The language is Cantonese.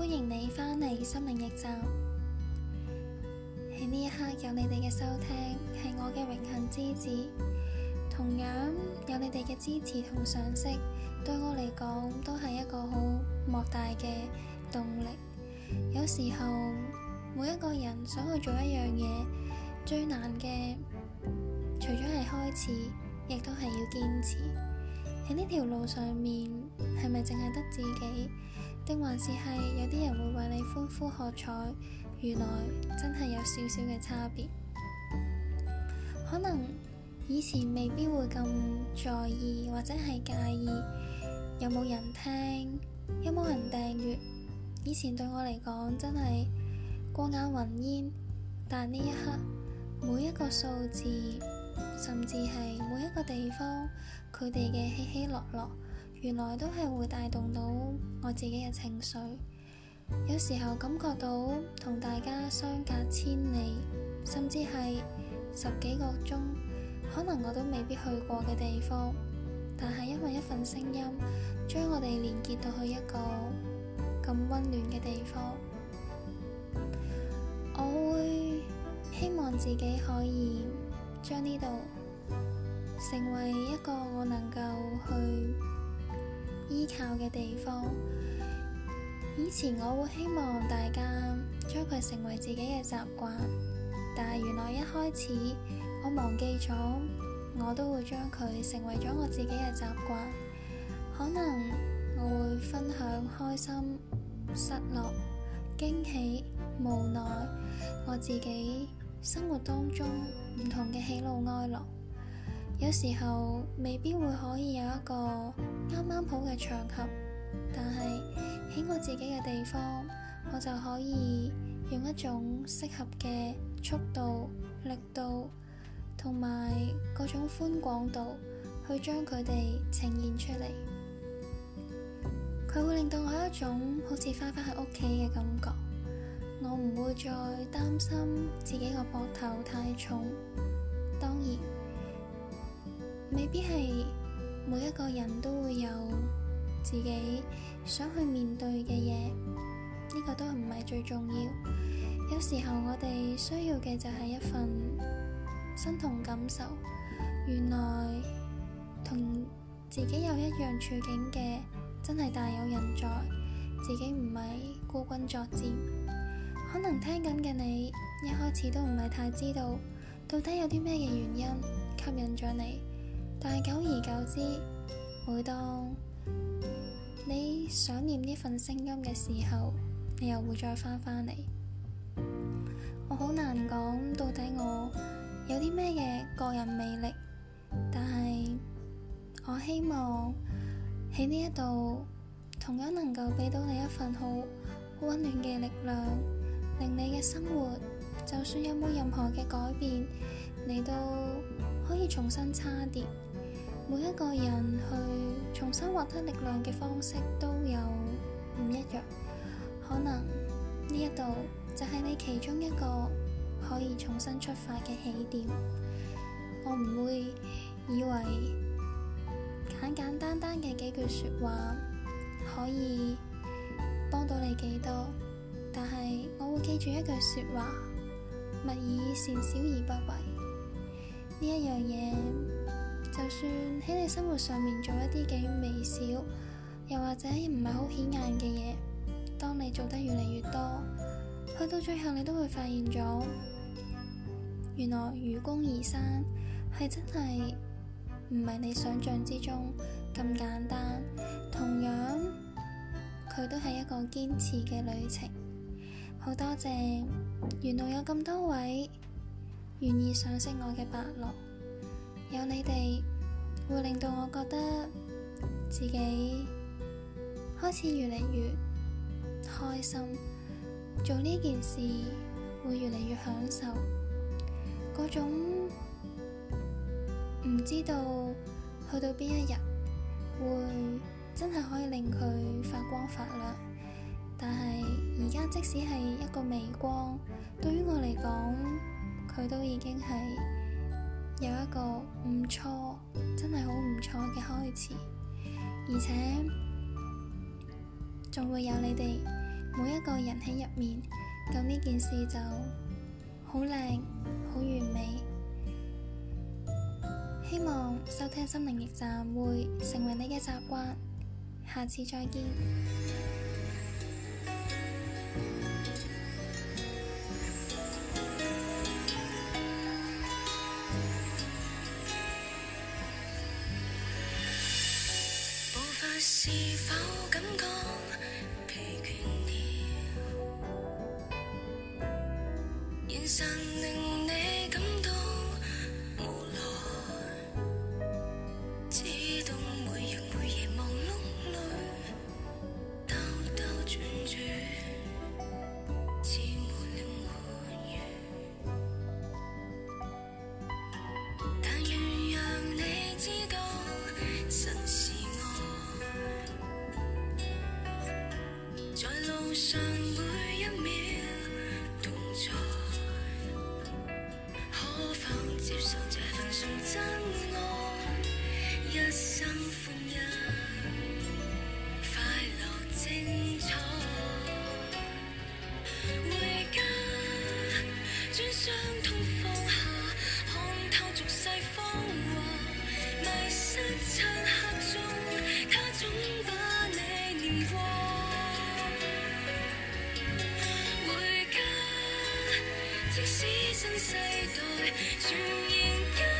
歡迎你返嚟心靈驛站。喺呢一刻有你哋嘅收聽，係我嘅榮幸之至。同樣有你哋嘅支持同賞識，對我嚟講都係一個好莫大嘅動力。有時候，每一個人想去做一樣嘢，最難嘅除咗係開始，亦都係要堅持喺呢條路上面。係咪淨係得自己？定還是係有啲人會為你歡呼喝彩，原來真係有少少嘅差別。可能以前未必會咁在意，或者係介意有冇人聽，有冇人訂閱。以前對我嚟講真係過眼雲煙，但呢一刻，每一個數字，甚至係每一個地方，佢哋嘅起起落落。原來都係會帶動到我自己嘅情緒，有時候感覺到同大家相隔千里，甚至係十幾個鐘，可能我都未必去過嘅地方，但係因為一份聲音，將我哋連結到去一個咁溫暖嘅地方。我會希望自己可以將呢度成為一個我能夠去嘅地方，以前我會希望大家將佢成為自己嘅習慣，但係原來一開始我忘記咗，我都會將佢成為咗我自己嘅習慣。可能我會分享開心、失落、驚喜、無奈，我自己生活當中唔同嘅喜怒哀樂。有時候未必會可以有一個啱啱好嘅場合，但係喺我自己嘅地方，我就可以用一種適合嘅速度、力度同埋各種寬廣度去將佢哋呈現出嚟。佢會令到我一種好似翻返去屋企嘅感覺，我唔會再擔心自己個膊頭太重。當然。未必係每一個人都會有自己想去面對嘅嘢，呢個都唔係最重要。有時候我哋需要嘅就係一份心同感受。原來同自己有一樣處境嘅，真係大有人在。自己唔係孤軍作戰，可能聽緊嘅你一開始都唔係太知道，到底有啲咩嘅原因吸引咗你。但係久而久之，每當你想念呢份聲音嘅時候，你又會再翻返嚟。我好難講到底我有啲咩嘅個人魅力，但係我希望喺呢一度，同樣能夠俾到你一份好溫暖嘅力量，令你嘅生活就算有冇任何嘅改變，你都可以重新差啲。每一個人去重新獲得力量嘅方式都有唔一樣，可能呢一度就係你其中一個可以重新出發嘅起點。我唔會以為簡簡單單嘅幾句說話可以幫到你幾多，但係我會記住一句說話：勿以善小而不為。呢一樣嘢，就算喺你生活上面做一啲幾微小，又或者唔係好顯眼嘅嘢，當你做得越嚟越多，去到最後你都會發現咗，原來愚公移山係真係唔係你想象之中咁簡單，同樣佢都係一個堅持嘅旅程。好多謝沿路有咁多位願意賞識我嘅伯樂，有你哋。會令到我覺得自己開始越嚟越開心，做呢件事會越嚟越享受，嗰種唔知道去到邊一日會真係可以令佢發光發亮，但係而家即使係一個微光，對於我嚟講，佢都已經係有一個唔錯。真係好唔錯嘅開始，而且仲會有你哋每一個人喺入面，咁呢件事就好靚，好完美。希望收聽心靈驛站會成為你嘅習慣，下次再見。是否感覺？就像這份純真愛。一生。 新世代全然。